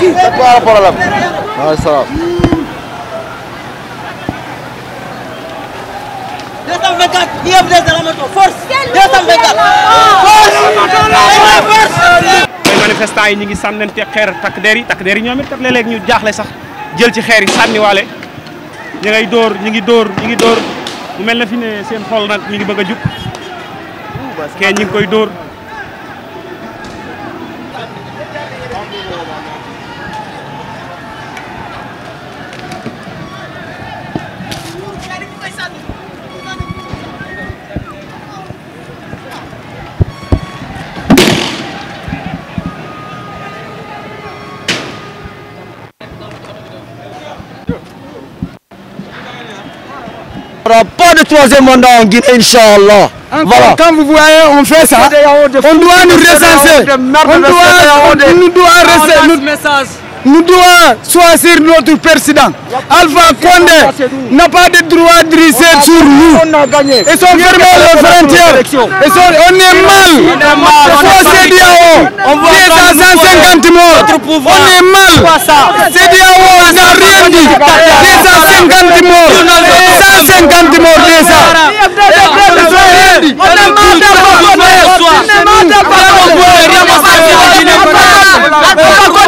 C'est quoi le problème maaleykum salaam. 224 force. 224 force. instant yi ñu ngi sànnante xeer takk der yi takk der yi ñoom it kat léeg-léeg ñu jaaxle sax jël ci xeer yi sànniwaale ñu ngay dóor ñu ngi dóor ñu ngi dóor mu mel na fi ne seen xol nag mi ngi bëgg a kee ñu koy dóor aura pas de troisième mandat en Guinée, Inch'Allah. Voilà. Quand vous voyez, on fait ça. On doit nous recenser. On doit, on doit, on doit, on doit, on doit, Nous devons choisir notre président. Alpha Condé n'a pas de droit de risser sur nous. Ils sont fermés les frontières. Ils sont, on est mal. On faut CDAO. On 150 morts. On est mal. CDAO n'a rien dit. 250 morts. 150 morts déjà. On a mal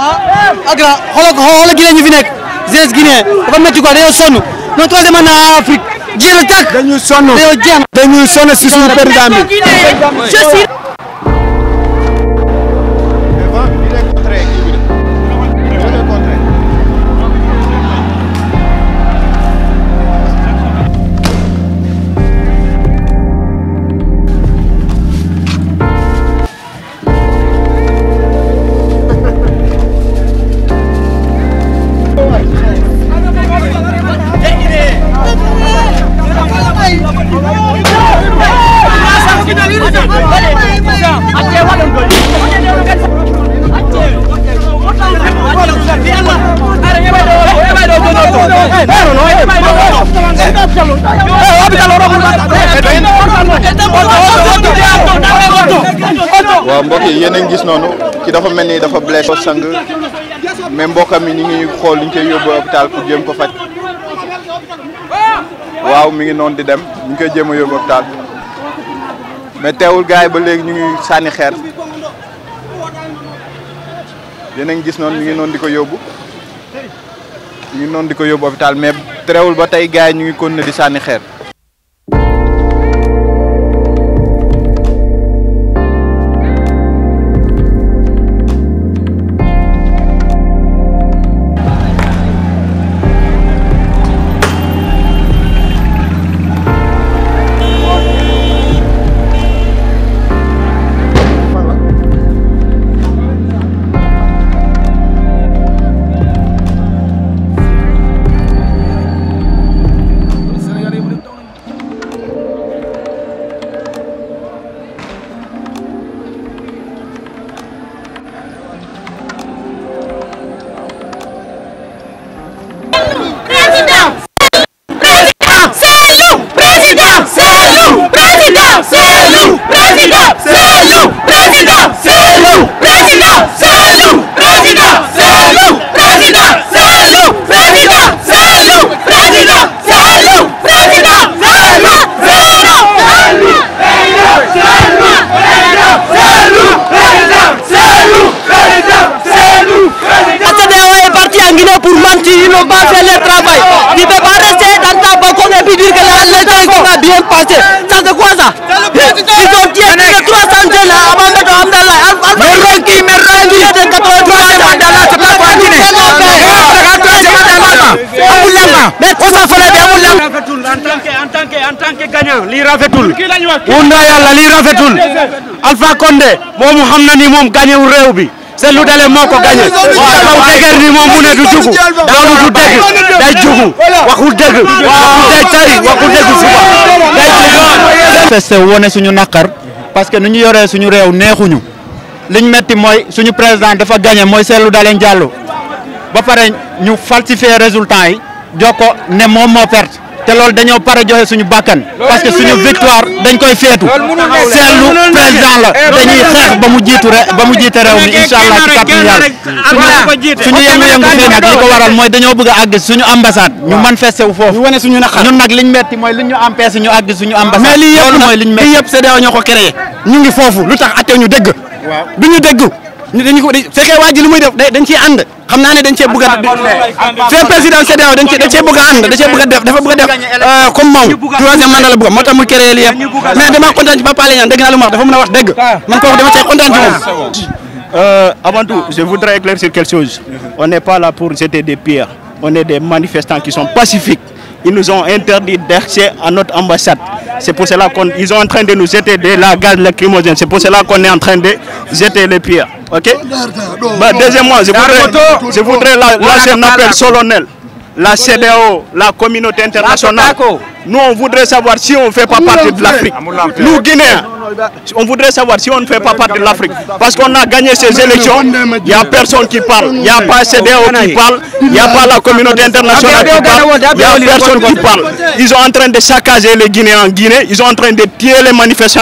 ah Agra xoolal xoolal ñu fi nekk jeunesse Guinée dafa métti quoi dañoo sonn non troisième mandat en Afrique jeex na tàkk dañuy sonn dañuy sonn si suñu président bi waaw mbokk yi yéen a ngi gis noonu ci dafa mel nii dafa blessé sang mais mbokkam yi ñu ngi xool ñu koy yóbbu hôpital pour jéem ko faj waaw mi ngi noonu di dem ñu koy jéem a yóbbu hôpital mais teewul yi ba léegi ñu ngi sànni xeer yéen gis noonu ñu ngi noonu di ko yóbbu ñu ngi di ko yóbbu hôpital mais terewul ba tey gars yi ñu ngi continuer di sànni xeer. n'ont pas fait leur travail. Ils ne peuvent pas rester dans ta balcon et puis dire que la légalité va bien passer. Ça c'est quoi ça Ils ont tué plus de 300 jeunes à Mohamed Abdallah. Mais Rocky, mais Rocky de 83 ans. Abdallah, c'est pas pour Guinée. Mais on s'en fera bien, on l'a. En tant que, en tant que gagnant, li rafetul. Wunda yalla li rafetul. Alpha Condé, mom xam na ni mom gagné wu réew bi. Cellou Dalein moo ko gagné taxaw dëgër ni moom du jugu loolu du dëgg day jugu waxul dëgg day tey waxul dëgg suba day jugu. manifesté wone suñu naqar parce que nu ñu yore suñu réew neexuñu liñ metti mooy suñu président dafa gagné mooy seetlu Dalein Diallo ba pare ñu falsifier résultat yi jox ko ne moom moo perte. te loolu dañoo pare joxe suñu bàkkan parce que suñu victoire dañ koy feetu seetlu président la dañuy xeex ba mu jiitu rek ba mu jiite réew mi incha allah ci kàttan yàlla suñu suñu yëngu-yëngu fii nag li ko waral mooy dañoo bëgg a àgg suñu ambassade ñu manifesté wu foofu ñun nag liñ metti mooy liñ ñu empêché ñu àgg suñu ambassade mais lii yëpp mooy liñ metti lii yëpp CEDEAO ñoo ko créé ñu ngi foofu lu tax attew ñu dégg ñu dégg ñu dañu ko fekkee muy def dañ ciy ànd xam naa ne dañ cee bëgg a fee président CEDEAO dañ cee dañ cee bëgg a ànd da cee bëgg a def dafa def euh, comme moom troisième mandat la bëgg moo mu créé li yëpp mais dama kontaan ci Pape Alé Niang dégg naa lu mu wax dafa mën wax dégg ah. man kooku dama cee kontaan ci moom ah. euh, avant tout, je voudrais éclaircir quelque chose. On n'est pas là pour jeter des pierres. On est des manifestants qui sont pacifiques. ils nous ont interdit d'accès à notre ambassade. C'est pour cela qu'ils sont en train de nous jeter de la gaz lacrymogène. C'est pour cela qu'on est en train de jeter les pierres. Ok bah, Deuxièmement, je voudrais, je voudrais un appel solennel. La CDAO, la communauté internationale. Nous, on savoir si on ne fait pas partie de l'Afrique. Nous, Guinéens, On voudrait savoir si on ne fait pas partie de l'Afrique. Parce qu'on a gagné ces élections, il n'y a personne qui parle. Il n'y a pas CDO qui parle, il n'y a pas la communauté internationale il n'y a personne qui parle. Ils sont en train de saccager les Guinéens en Guinée, ils sont en train de tuer les manifestants.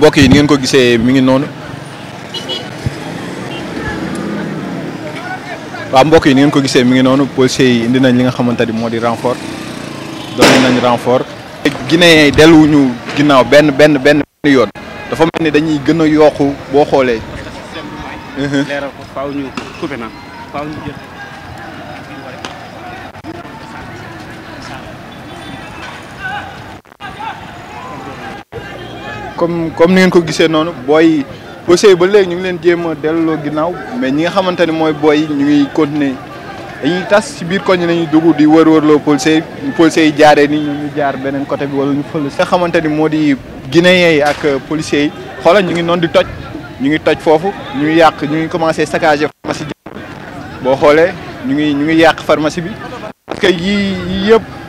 mbokk yi ni ngeen ko gisee mi ngi noonu waaw mbokk yi ni ngeen ko gisee mi ngi noonu policier yi indi nañ li nga xamante ni moo di renfort doon nañ renfort. Guinée yi delluwuñu ginnaaw benn benn benn yoon. dafa mel ni dañuy gën a yokku boo xoolee. leeral comme comme ni ngeen ko gisee noonu booy aussi ba léegi ñu ngi leen jéem a delloo ginnaaw mais ñi nga xamante ne mooy booy ñu ngi continuer dañuy tas ci biir koñ nañuy dugg di wër-wërloo policier yi policier yi jaaree ni ñu jaar beneen côté bi wala ñu fël sa xamante ni moo di guinéen yi ak euh, policier yi xoolal ñu ngi noonu di toj ñu ngi toj foofu ñu yàq ñu ngi commencé saccager pharmacie boo xoolee ñu ngi ñu ngi yàq pharmacie bi parce que yii yëpp.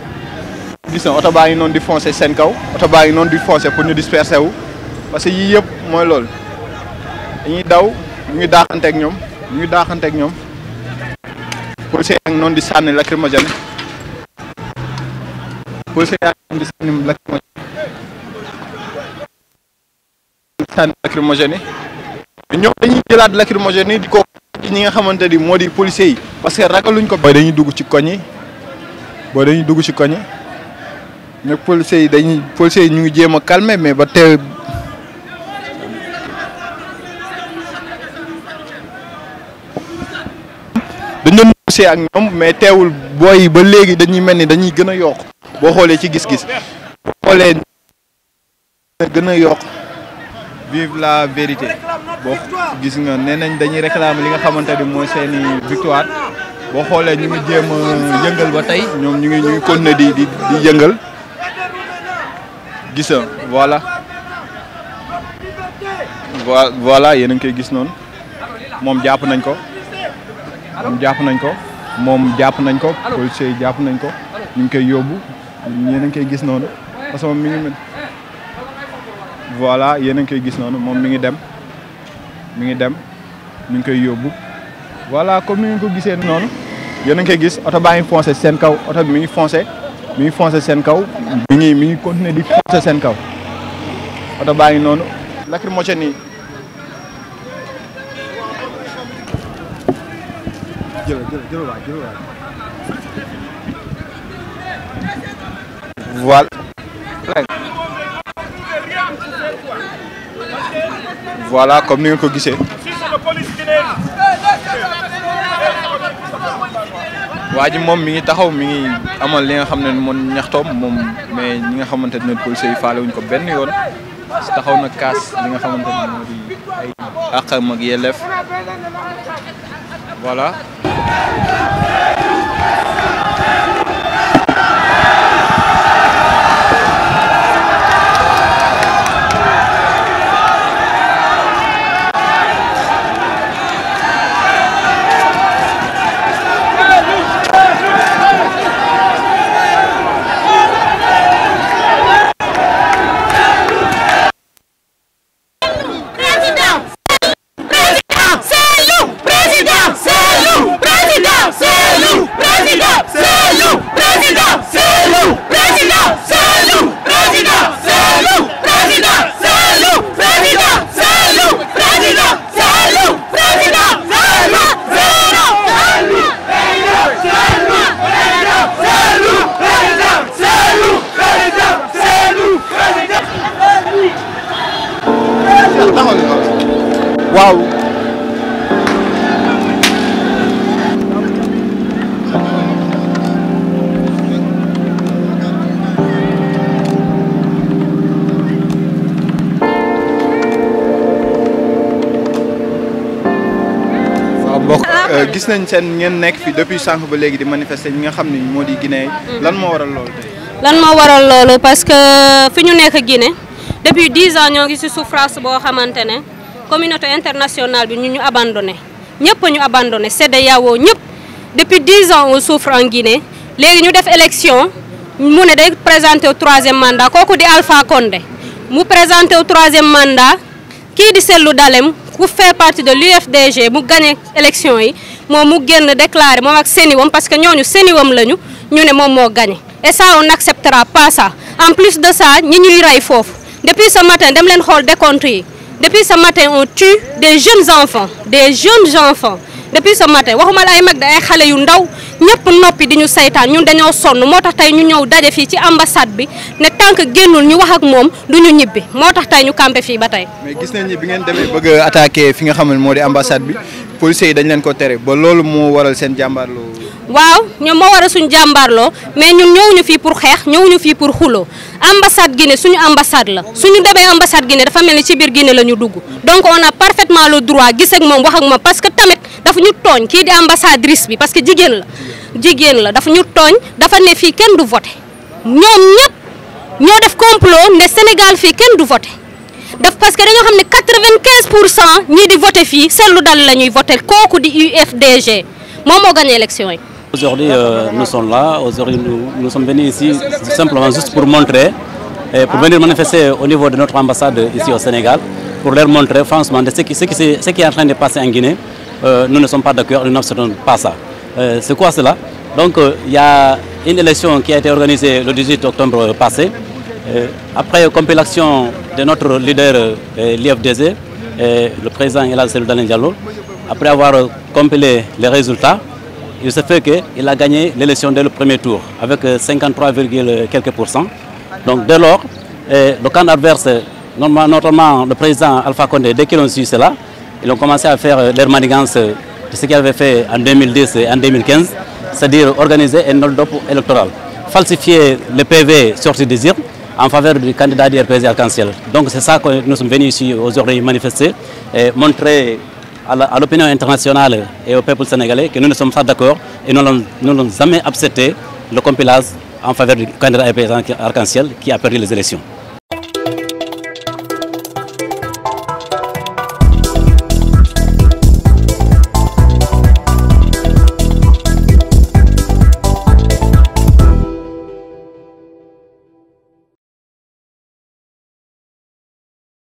gis na oto baa ngi noonu di foncer seen kaw oto baa ngi noonu di foncer pour ñu disperser parce que yii yëpp mooy loolu dañuy daw ñu ngi daaxanteeg ñoom ñu ngi daaxanteeg ñoom policier yaa ngi noonu di sànni lacrymogène policier yaa ngi noonu di sànni lacrymogène sànni ñoom dañuy jëlaat lacrymogène yi di ko ñi nga xamante ni moo di policier yi parce que ragaluñ ko booy dañuy dugg ci koñ yi booy dañuy dugg ci koñ nag policiers yi dañuy policiers ñu ngi jéem a calmer mais ba tey. dañ doon ak ñoom mais teewul booy ba léegi dañuy mel ni dañuy gën a yokk boo xoolee ci gis-gis boo xoolee gën a yokk vive la vérité boo gis nga nee nañ dañuy réclamer li nga xamante ni mooy seeni victoire boo xoolee ñu ngi jéem a yëngal ba tey ñoom ñu ngi ñu ngi continuer di di yëngal gis voilà voilà yéen a koy gis noonu moom jàpp nañ ko moom jàpp nañ ko moom jàpp nañ ko policier yi jàpp nañ ko ñu ngi koy yóbbu yéen a ngi koy gis noonu parce que moom mi ngi a ngi koy gis noonu moom mi ngi dem mi ngi dem ñu ngi koy yóbbu voilà comme ni nga ko gisee noonu yéen a koy gis oto baa ngi foncé seen kaw oto bi mi ngi foncé mi ngi foncé seen kaw mi ngi mi ngi di foncé seen kaw oto baa ngi noonu lacrymogène yi voilà voilà comme ni ko gisee waa ji moom mi ngi taxaw mi ngi amal li nga xam ne moom ñaxtoom moom mais ñi nga xamante ne policiers yi faale wuñ ko benn yoon taxaw na kaas li nga xamante ne moo di ay àqam ak yelleef voilà. waaw. Euh, gis nañ seen ngeen nekk fi depuis sànq ba léegi di manifester ñi nga xam ne moo di Guinée. Mm. lan moo waral loolu tey. lan moo waral loolu parce que fi ñu nekk Guinée depuis dix ans ñoo ngi ci souffrance boo xamante ne. communauté internationale bi ñu ñu abandonné ñëpp ñu abandonné CEDEAO ñëpp depuis dix ans on souffre en Guinée léegi ñu def élection mu ne day présenté au troisième mandat kooku di Alpha Condé mu présenter au troisième mandat kii di Cellou Dalein ku fait partie de l'UFDG mu gagné élection yi moom mu génn déclaré moom ak seniwam parce que ñooñu seniwam lañu ñu ne moom moo gagné et ça on n'acceptera pas ça en plus de ça ñi ñuy rey foofu depuis ce matin dem leen xool décompte yi depuis sa matin on tue des jeunes enfants des jeunes enfants depuis sa matin waxuma la ay mag da ay xale yu ndaw ñëpp noppi di ñu saytaan ñun dañoo sonn moo tax tey ñu ñëw daje fii ci ambassade bi ne tant que génnul ñu wax ak moom du ñu ñibbi moo tax tey ñu campé fii ba tey. gis nañ ni bi ngeen demee bëgg attaqué fi nga xam ne moo di ambassade bi policiers yi dañ leen ko tere ba loolu moo waral seen jàmbaarloo. waaw ñoom moo war a suñu jàmbaarloo mais ñun ñëwuñu fii pour xeex ñëwuñu fii pour xuloo ambassade Guinée suñu ambassade la suñu demee ambassade Guinée dafa mel ni ci biir Guinée la ñu dugg donc on a parfaitement le droit gis ak moom wax ak moom que tamit dafa tooñ kii di ambassadrice bi parce que jigéen la jigéen la dafa ñu tooñ dafa ne fii kenn du ñoom ñëpp ñoo def complot ne Sénégal fii kenn du voté daf parce que dañoo xam ne quatre-vingt-quinze pour cent ñii di fii seetlu dal la ñuy voté kooku di UFDG moom moo gagné élection yi Aujourd'hui, euh, nous sommes là. Aujourd'hui, nous, nous, sommes venus ici simplement juste pour montrer, et pour venir manifester au niveau de notre ambassade ici au Sénégal, pour leur montrer franchement de ce, qui, est en train de passer en Guinée. Euh, nous ne sommes pas d'accord, nous n'acceptons pas ça. Euh, euh qui a le 18 octobre passé. Euh, après compilation de notre leader, l'IFDZ, le président Elal Seloudalin Diallo, après avoir compilé les résultats, il se fait qu'il a gagné l'élection dès le premier tour avec 53, euh, quelques pourcents. Donc dès le camp adverse, notamment le président Alpha Condé, dès qu'ils ont su cela, ils ont commencé à faire leur manigance de ce qu'ils avaient fait en 2010 et en 2015, c'est-à-dire organiser un hold-up électoral, falsifier le PV sorti des urnes en faveur du candidat du RPG arc Donc c'est ça que nous sommes venus aujourd'hui manifester et montrer à l'opinion internationale et au peuple sénégalais que nous ne sommes pas d'accord et nous n'allons jamais accepté le compilage en faveur du candidat arc-en-ciel qui a perdu les élections.